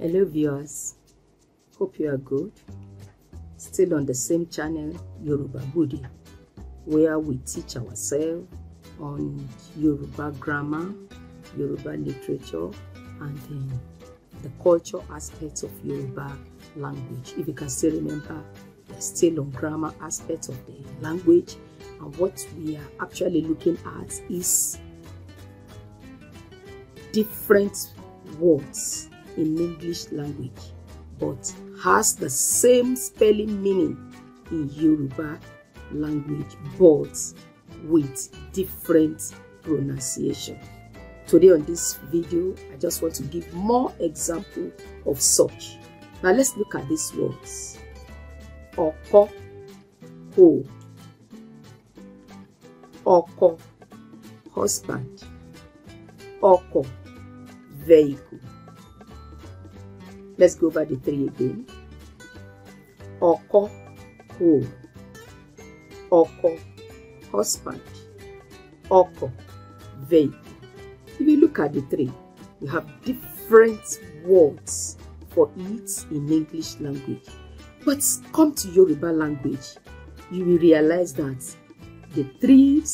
Hello viewers, hope you are good. Still on the same channel, Yoruba Budi, where we teach ourselves on Yoruba grammar, Yoruba literature, and um, the culture aspects of Yoruba language. If you can still remember, still on grammar aspects of the language, and what we are actually looking at is different words in English language but has the same spelling meaning in Yoruba language but with different pronunciation. Today on this video, I just want to give more example of such. Now let's look at these words. Oko, ho. Oko, husband. Oko, vehicle. Let's go over the three again. Oko, who? Oko, husband. Oko, they. If you look at the three, you have different words for it in English language. But come to Yoruba language, you will realize that the three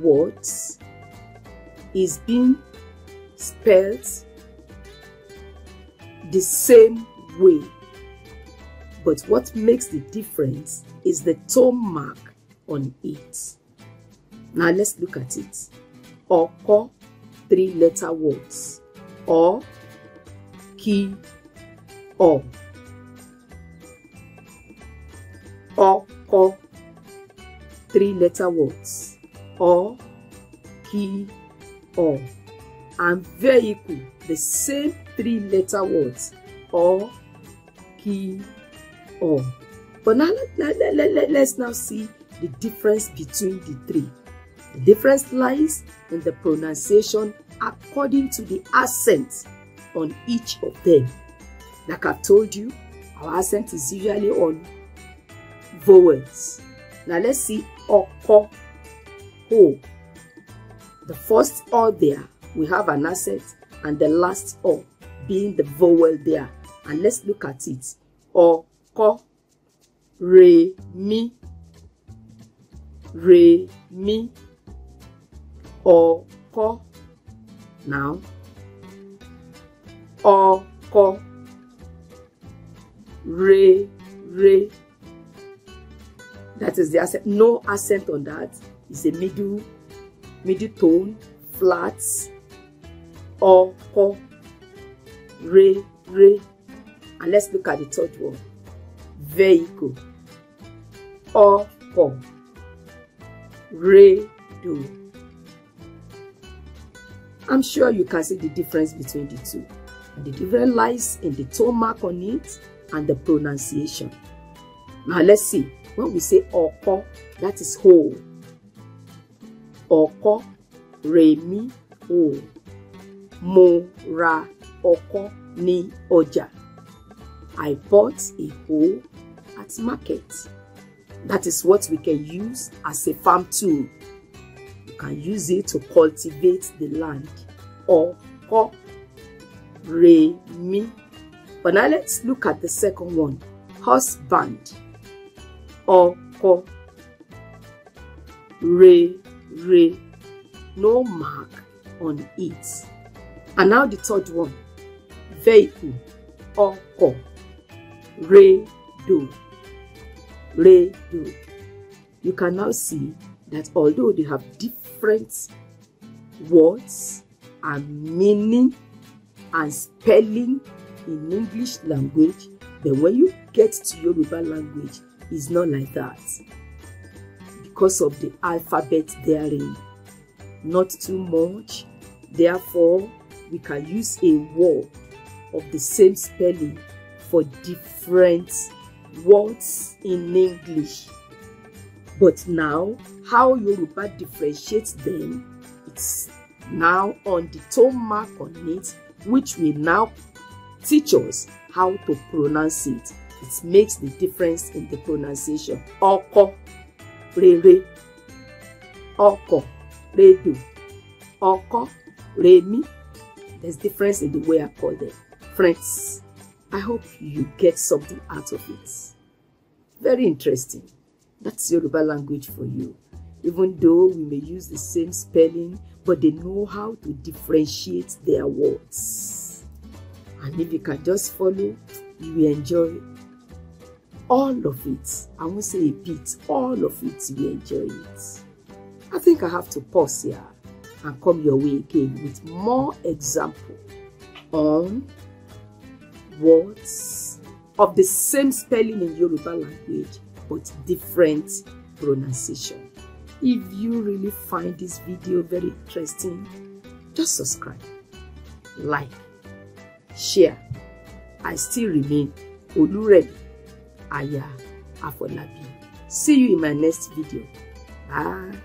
words is being spelled the same way. But what makes the difference is the tone mark on it. Now let's look at it. Oko, three letter words. Or, ki, or. Oko, three letter words. Or, ki, or and vehicle the same three letter words or key or but now let, let, let, let, let's now see the difference between the three the difference lies in the pronunciation according to the accent on each of them like i've told you our accent is usually on vowels now let's see oko ho the first or there we have an asset and the last O being the vowel there. And let's look at it. O, ko, re, mi, re, mi, o, ko. Now, o, ko, re, re. That is the accent. No accent on that. It's a middle, middle tone, flats, ọkọ re, and let's look at the third one vehicle ọkọ̀ redo I'm sure you can see the difference between the two and the difference lies in the tone mark on it and the pronunciation now let's see when we say ọkọ that is whole ọkọ mi whole. Mo ra ọkọ́ ní ọjà. I bought a hoe at market. That is what we can use as a farm tool. You can use it to cultivate the land. Ọkọ́, re, mi. But now let's look at the second one. Husband. Ọkọ. Re, re. No mark on it. And now the third one, vehicle, ọkọ̀, rédò, rédò. You can now see that although they have different words and meaning and spelling in English language, then when you get to Yoruba language, it's not like that because of the alphabet therein. Not too much, therefore we can use a word of the same spelling for different words in English. But now, how Yoruba differentiates them, it's now on the tone mark on it, which will now teach us how to pronounce it. It makes the difference in the pronunciation. Oko, rere, oko, redo, oko, remi, there's difference in the way I call them. Friends, I hope you get something out of it. Very interesting. That's Yoruba language for you. Even though we may use the same spelling, but they know how to differentiate their words. And if you can just follow, you will enjoy all of it. I won't say a bit, all of it, you will enjoy it. I think I have to pause here and come your way again with more example on words of the same spelling in Yoruba language but different pronunciation. If you really find this video very interesting, just subscribe, like, share. I still remain Oluremi Aya Afolabi. See you in my next video. Bye.